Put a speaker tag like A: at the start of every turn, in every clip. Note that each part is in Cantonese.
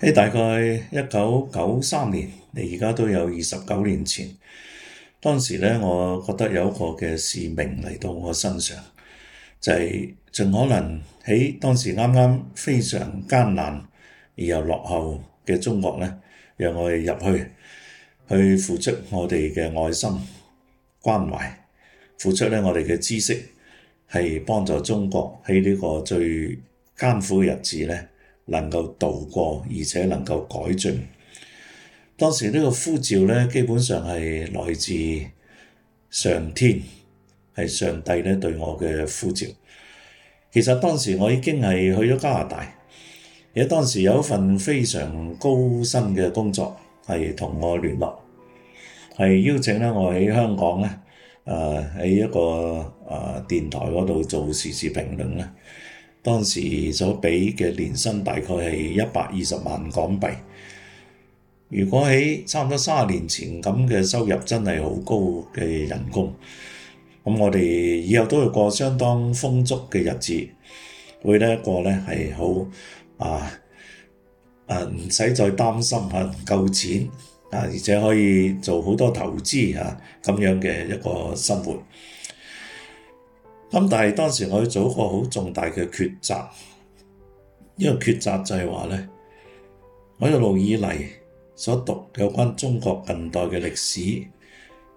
A: 喺大概一九九三年，你而家都有二十九年前。當時咧，我覺得有一個嘅使命嚟到我身上，就係、是、盡可能喺當時啱啱非常艱難而又落後嘅中國咧，讓我哋入去去付出我哋嘅愛心關懷，付出咧我哋嘅知識，係幫助中國喺呢個最艱苦嘅日子咧。能夠渡過，而且能夠改進。當時呢個呼召呢，基本上係來自上天，係上帝咧對我嘅呼召。其實當時我已經係去咗加拿大，而且當時有一份非常高薪嘅工作，係同我聯絡，係邀請咧我喺香港呢，誒、呃、喺一個誒、呃、電台嗰度做時事評論咧。當時所畀嘅年薪大概係一百二十萬港幣。如果喺差唔多三十年前咁嘅收入，真係好高嘅人工。咁我哋以後都會過相當豐足嘅日子，會呢個呢係好啊唔使、啊、再擔心啊唔夠錢啊，而且可以做好多投資啊咁樣嘅一個生活。咁但係當時我要做個好重大嘅抉擇，呢個抉擇就係話咧，我一路以嚟所讀有關中國近代嘅歷史，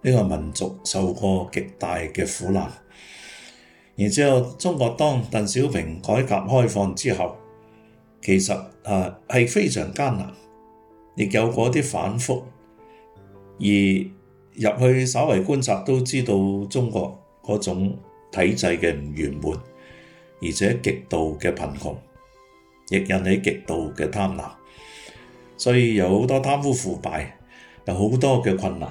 A: 呢個民族受過極大嘅苦難，然之後中國當鄧小平改革開放之後，其實啊係非常艱難，亦有嗰啲反覆，而入去稍為觀察都知道中國嗰種。體制嘅唔圓滿，而且極度嘅貧窮，亦引起極度嘅貪婪，所以有好多貪污腐敗，有好多嘅困難。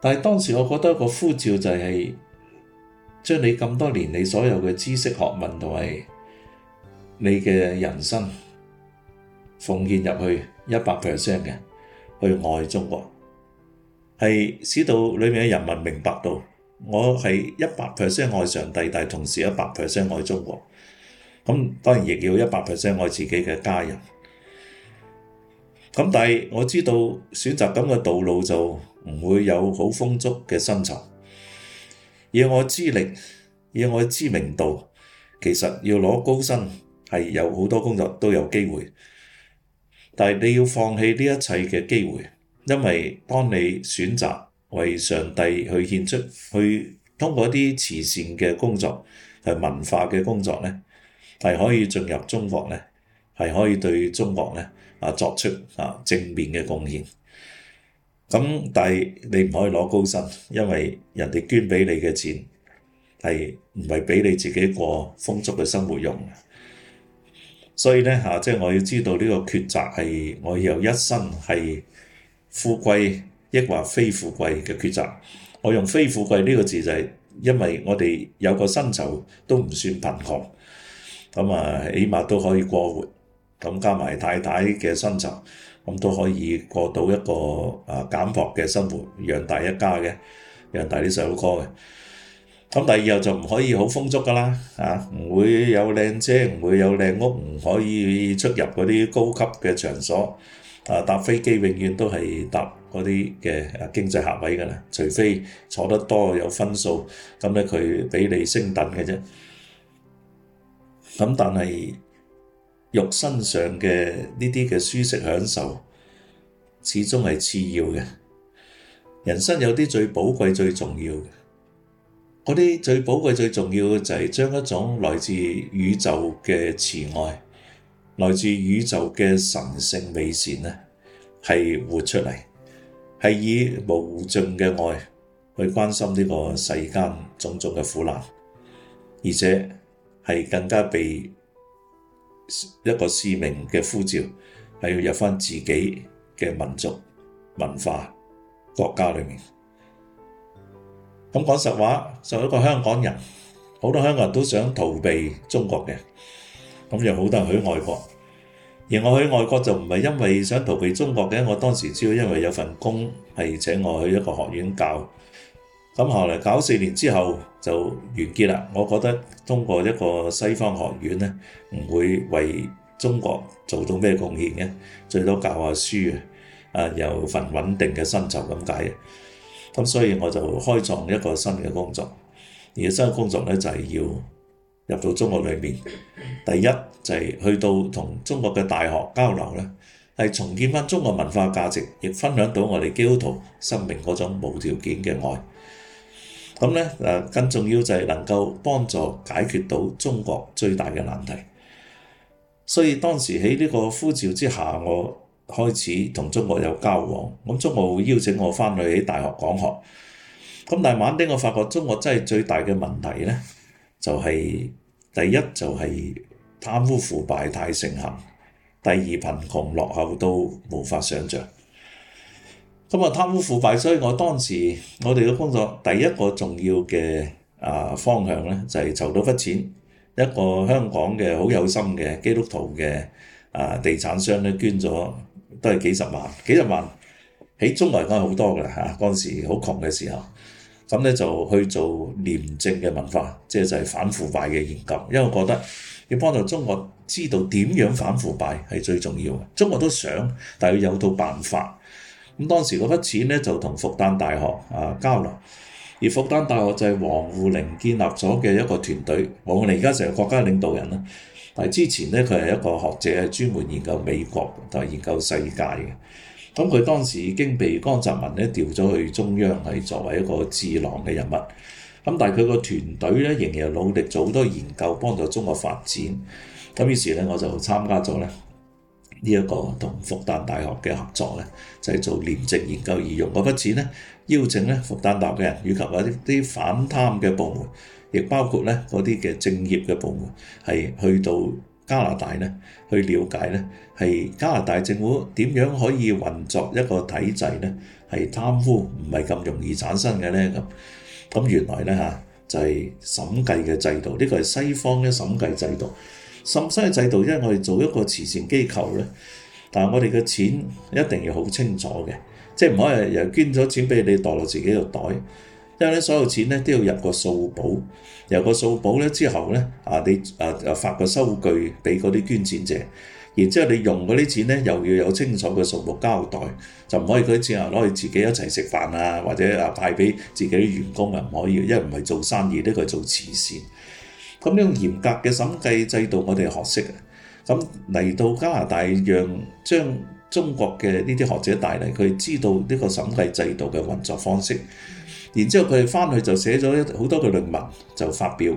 A: 但係當時我覺得一個呼召就係、是、將你咁多年你所有嘅知識學問同埋你嘅人生奉獻入去一百 percent 嘅去愛中國，係使到裏面嘅人民明白到。我係一百 percent 愛上帝，但係同時一百 percent 愛中國。咁當然亦要一百 percent 愛自己嘅家人。咁但係我知道選擇咁嘅道路就唔會有好豐足嘅薪酬。以我資歷，以我知名度，其實要攞高薪係有好多工作都有機會。但係你要放棄呢一切嘅機會，因為當你選擇，為上帝去獻出，去通過一啲慈善嘅工作，誒文化嘅工作咧，係可以進入中國咧，係可以對中國咧啊作出啊正面嘅貢獻。咁但係你唔可以攞高薪，因為人哋捐畀你嘅錢係唔係俾你自己過豐足嘅生活用嘅。所以咧吓，即、啊、係、就是、我要知道呢個抉擇係我要一生係富貴，亦或非富貴嘅抉擇，我用非富貴呢、這個字就係因為我哋有個薪酬都唔算貧窮，咁啊起碼都可以過活，咁加埋太太嘅薪酬，咁都可以過到一個啊簡樸嘅生活，養大一家嘅，養大啲細佬哥嘅。咁第二樣就唔可以好豐足噶啦，嚇、啊、唔會有靚車，唔會有靚屋，唔可以出入嗰啲高級嘅場所。啊！搭飛機永遠都係搭嗰啲嘅誒經濟客位㗎啦，除非坐得多有分數，咁咧佢畀你升等嘅啫。咁但係肉身上嘅呢啲嘅舒適享受，始終係次要嘅。人生有啲最寶貴最重要嘅，嗰啲最寶貴最重要嘅就係將一種來自宇宙嘅慈愛。來自宇宙嘅神性美善咧，係活出嚟，係以無盡嘅愛去關心呢個世間種種嘅苦難，而且係更加被一個使命嘅呼召，係要入翻自己嘅民族、文化、國家裏面。咁講實話，作為一個香港人，好多香港人都想逃避中國嘅，咁有好多人去外國。而我去外國就唔係因為想逃避中國嘅，我當時只要因為有份工係請我去一個學院教。咁後來搞四年之後就完結啦。我覺得通過一個西方學院呢，唔會為中國做到咩貢獻嘅，最多教下書啊，有份穩定嘅薪酬咁解。咁所以我就開創一個新嘅工作。而新嘅工作咧就係要入到中國裏面。第一。就係去到同中國嘅大學交流，呢係重建翻中國文化價值，亦分享到我哋基督徒生命嗰種無條件嘅愛。咁呢，更重要就係能夠幫助解決到中國最大嘅難題。所以當時喺呢個呼召之下，我開始同中國有交往。咁中國會邀請我翻去喺大學講學。咁但係慢慢我發覺中國真係最大嘅問題呢，就係，第一就係。貪污腐敗太盛行，第二貧窮落後都無法想象。咁啊貪污腐敗，所以我當時我哋嘅工作第一個重要嘅啊方向咧就係籌到筆錢。一個香港嘅好有心嘅基督徒嘅啊地產商咧捐咗都係幾十萬，幾十萬喺中國都係好多㗎嚇。嗰陣時好窮嘅時候，咁咧就去做廉政嘅文化，即係就係、是、反腐敗嘅研究，因為我覺得。要幫助中國知道點樣反腐敗係最重要嘅，中國都想，但係要有套辦法。咁當時嗰筆錢咧就同復旦大學啊交流，而復旦大學就係王滬寧建立咗嘅一個團隊。王滬寧而家成個國家領導人啦，但係之前咧佢係一個學者，係專門研究美國同埋研究世界嘅。咁佢當時已經被江澤民咧調咗去中央，係作為一個智囊嘅人物。咁但係佢個團隊咧，仍然努力做好多研究，幫助中國發展。咁於是咧，我就參加咗咧呢一個同復旦大學嘅合作咧，就係做廉政研究而用嗰筆錢咧，邀請咧復旦大學嘅人以及一啲反貪嘅部門，亦包括咧嗰啲嘅政協嘅部門，係去到加拿大咧去了解咧係加拿大政府點樣可以運作一個體制咧係貪污唔係咁容易產生嘅咧咁。咁原來咧嚇就係審計嘅制度，呢個係西方嘅審計制度。審計嘅制度，因為我哋做一個慈善機構咧，但係我哋嘅錢一定要好清楚嘅，即係唔可以又捐咗錢畀你袋落自己個袋，因為咧所有錢咧都要入個數簿，入個數簿咧之後咧，啊你啊啊發個收據俾嗰啲捐錢者。然之後你用嗰啲錢咧，又要有清楚嘅數目交代，就唔可以嗰啲錢啊攞去自己一齊食飯啊，或者啊派俾自己啲員工又唔可以，因為唔係做生意，呢、這個係做慈善。咁呢種嚴格嘅審計制度我，我哋學識嘅。咁嚟到加拿大讓，讓將中國嘅呢啲學者帶嚟，佢知道呢個審計制度嘅運作方式。然之後佢哋翻去就寫咗一好多嘅論文，就發表。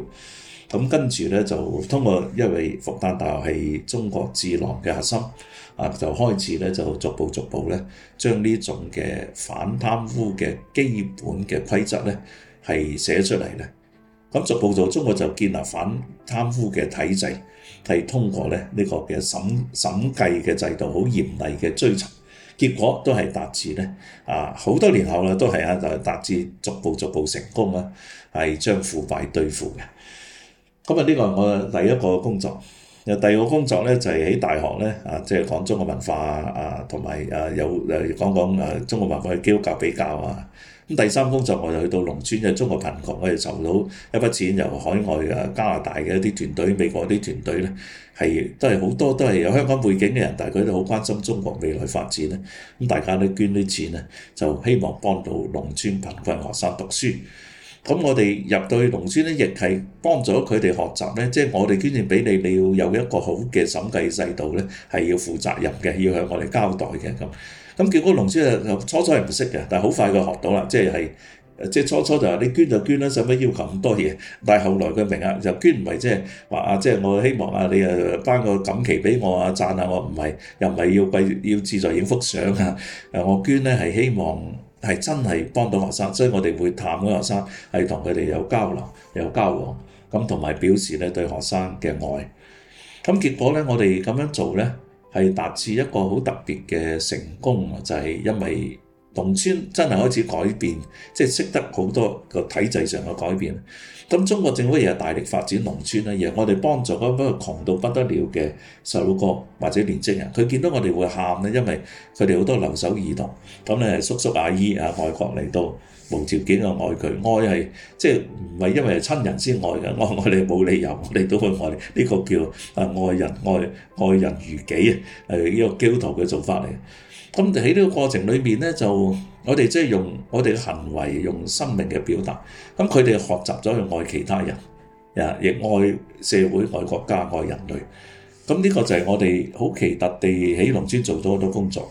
A: 咁跟住咧，就通過因為復旦大學係中國智囊嘅核心啊，就開始咧就逐步逐步咧將呢將種嘅反貪污嘅基本嘅規則咧係寫出嚟咧。咁逐步做中國就建立反貪污嘅體制，係通過咧呢、這個嘅審審計嘅制度，好嚴厲嘅追查，結果都係達至咧啊！好多年後啦，都係啊，達達至逐步逐步成功啊，係將腐敗對付嘅。咁啊，呢個係我第一個工作，第二個工作呢，就係、是、喺大學呢，啊，即係講中國文化啊，同埋啊有誒講講誒中國文化嘅基督教比較啊。咁第三個工作我就去到農村，嘅中國貧窮，我哋籌到一筆錢由海外啊加拿大嘅一啲團隊、美國啲團隊呢，係都係好多都係有香港背景嘅人，大家都好關心中國未來發展咧。咁、啊嗯、大家咧捐啲錢呢就希望幫到農村貧困學生讀書。咁我哋入到去農村咧，亦係幫助佢哋學習咧。即係我哋捐錢畀你，你要有一個好嘅審計制度咧，係要負責任嘅，要向我哋交代嘅咁。咁結果農村啊，初初係唔識嘅，但係好快就學到啦。即係係，即係初初就話你捐就捐啦，使乜要求咁多嘢？但係後來佢明啊，就捐唔係即係話啊，即係我希望啊，你啊頒個錦旗畀我啊，讚下我唔係，又唔係要貴要，要志在影幅相啊。誒，我捐咧係希望。係真係幫到學生，所以我哋會探嗰啲學生，係同佢哋有交流，有交往，咁同埋表示咧對學生嘅愛。咁結果咧，我哋咁樣做咧，係達至一個好特別嘅成功，就係因為。農村真係開始改變，即係識得好多個體制上嘅改變。咁中國政府亦係大力發展農村啦，亦我哋幫助嗰個窮到不得了嘅細佬哥或者年青人，佢見到我哋會喊咧，因為佢哋好多留守兒童。咁咧，叔叔阿姨啊，外國嚟到無條件嘅愛佢，愛係即係唔係因為係親人先愛嘅，愛我哋冇理由，我哋都會愛。呢、呢個叫啊愛人愛愛人如己啊，係呢個基督徒嘅做法嚟。咁喺呢個過程裏面呢，就我哋即係用我哋嘅行為，用生命嘅表達。咁佢哋學習咗去愛其他人，亦愛社會、愛國家、愛人類。咁呢個就係我哋好奇特地喺農村做咗好多工作。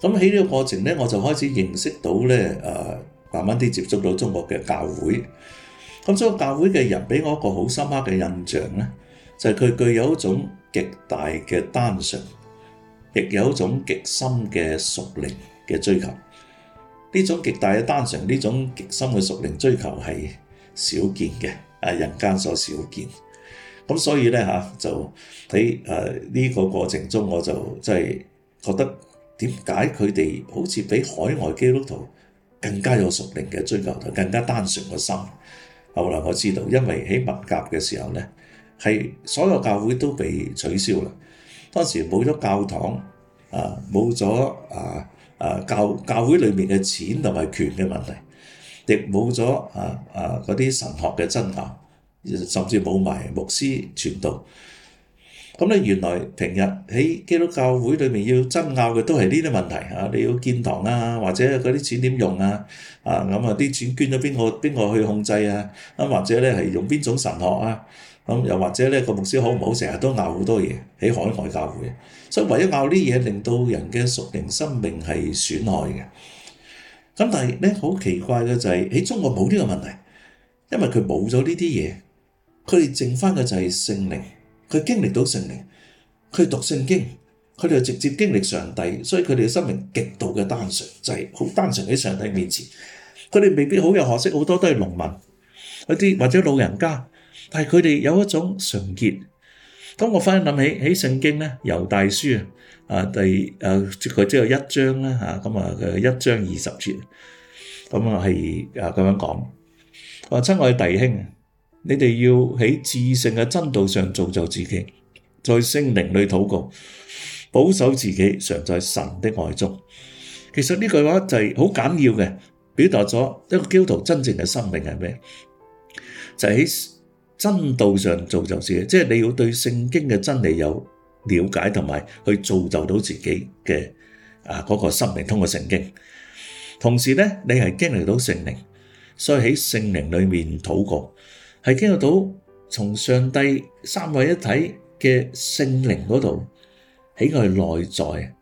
A: 咁喺呢個過程呢，我就開始認識到呢，誒、呃，慢慢啲接觸到中國嘅教會。咁中國教會嘅人俾我一個好深刻嘅印象呢，就係、是、佢具有一種極大嘅單純。亦有一種極深嘅屬靈嘅追求，呢種極大嘅單純，呢種極深嘅屬靈追求係少見嘅，啊，人間所少見。咁所以咧嚇，就喺誒呢個過程中，我就即係覺得點解佢哋好似比海外基督徒更加有屬靈嘅追求，同更加單純嘅心。後嚟我知道，因為喺文革嘅時候咧，係所有教會都被取消啦。當時冇咗教堂，啊冇咗啊啊教教會裏面嘅錢同埋權嘅問題，亦冇咗啊啊嗰啲神學嘅爭拗，甚至冇埋牧師傳道。咁、嗯、你原來平日喺基督教會裏面要爭拗嘅都係呢啲問題嚇、啊，你要建堂啊，或者嗰啲錢點用啊，啊咁啊啲錢捐咗邊個邊個去控制啊，咁、啊、或者咧係用邊種神學啊？咁又或者呢個牧師好唔好，成日都拗好多嘢喺海外教會，所以唯一拗啲嘢令到人嘅屬靈生命係損害嘅。咁但係呢，好奇怪嘅就係喺中國冇呢個問題，因為佢冇咗呢啲嘢，佢哋剩翻嘅就係聖靈，佢經歷到聖靈，佢讀聖經，佢哋直接經歷上帝，所以佢哋嘅生命極度嘅單純，就係好單純喺上帝面前。佢哋未必好有學識，好多都係農民，或者老人家。但係佢哋有一種純潔。咁我忽然諗起喺聖經咧，《猶大書》啊，啊第誒佢只有一章啦吓。咁啊，佢一章二十節，咁啊係啊咁樣講話，親愛弟兄啊，你哋要喺至聖嘅真道上造就自己，在聖靈裏禱告，保守自己，常在神的愛中。其實呢句話就係好簡要嘅，表達咗一個基督徒真正嘅生命係咩？就喺～真道上做就是。即係你要對聖經嘅真理有了解，同埋去造就到自己嘅，啊嗰個心靈，通過聖經，同時咧你係經歷到聖靈，所以喺聖靈裏面禱告，係經歷到從上帝三位一體嘅聖靈嗰度喺佢內在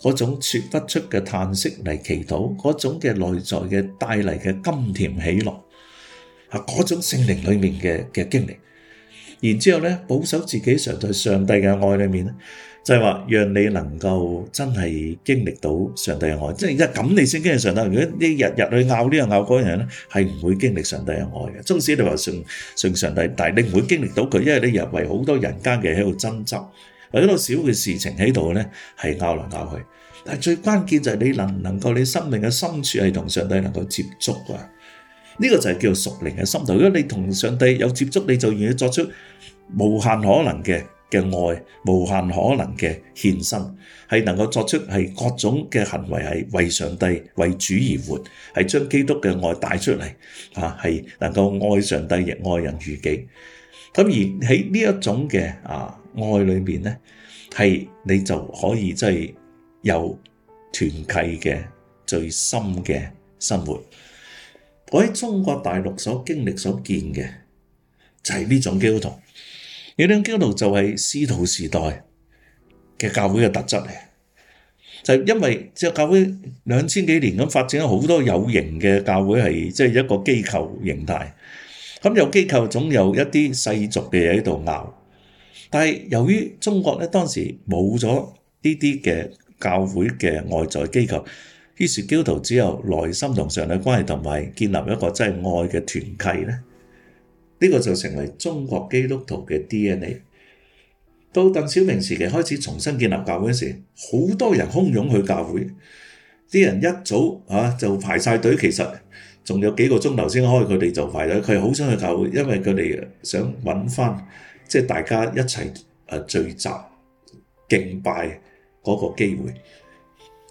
A: 嗰種說不出嘅嘆息嚟祈禱，嗰種嘅內在嘅帶嚟嘅甘甜喜樂。啊！嗰種聖靈裏面嘅嘅經歷，然之後咧，保守自己常在上帝嘅愛裏面咧，就係話讓你能夠真係經歷到上帝嘅愛，即係而家咁你先經歷上帝。如果你日日去拗呢樣拗嗰樣咧，係唔會經歷上帝嘅愛嘅。即使你話信信上帝但，你唔會經歷到佢，因為你日為好多人間嘅嘢，喺度爭執，或者度小嘅事情喺度咧係拗來拗去。但係最關鍵就係你能唔能夠你生命嘅深處係同上帝能夠接觸啊！呢個就係叫屬靈嘅心態。如果你同上帝有接觸，你就願意作出無限可能嘅嘅愛，無限可能嘅獻身，係能夠作出係各種嘅行為，係為上帝為主而活，係將基督嘅愛帶出嚟，啊，係能夠愛上帝亦愛人如己。咁而喺呢一種嘅啊愛裏面咧，係你就可以即係有團契嘅最深嘅生活。我喺中國大陸所經歷、所見嘅就係呢種基督徒，呢種基督徒就係司徒時代嘅教會嘅特質嚟，就係因為即係教會兩千幾年咁發展咗好多有形嘅教會，係即係一個機構形態，咁有機構總有一啲世俗嘅嘢喺度拗，但係由於中國咧當時冇咗呢啲嘅教會嘅外在機構。於是基督徒由內心同上帝關係同埋建立一個真係愛嘅團契呢，呢個就成為中國基督徒嘅 DNA。到鄧小平時期開始重新建立教會時，好多人洶湧去教會，啲人一早啊就排晒隊，其實仲有幾個鐘頭先開，佢哋就排隊，佢好想去教會，因為佢哋想揾翻即係大家一齊聚集敬拜嗰個機會。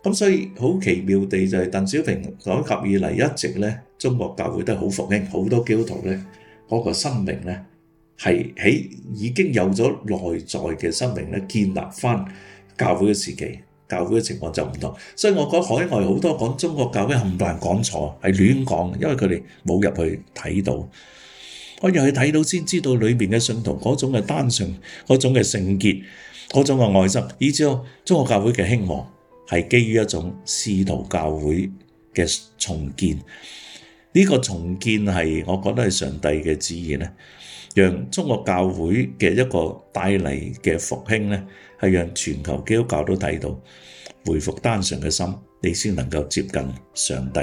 A: 咁所以好奇妙地就係鄧小平改革以嚟一直咧，中國教會都係好復興，好多基督徒咧嗰個生命咧係喺已經有咗內在嘅生命咧建立翻教會嘅時期，教會嘅情況就唔同。所以我覺得海外好多講中國教會冚唪唥講錯係亂講，因為佢哋冇入去睇到，我入去睇到先知道裏邊嘅信徒嗰種嘅單純，嗰種嘅聖潔，嗰種嘅愛心，以致到中國教會嘅興旺。係基於一種司徒教會嘅重建，呢、這個重建係我覺得係上帝嘅旨意咧，讓中國教會嘅一個帶嚟嘅復興，呢係讓全球基督教都睇到，回復單純嘅心，你先能夠接近上帝。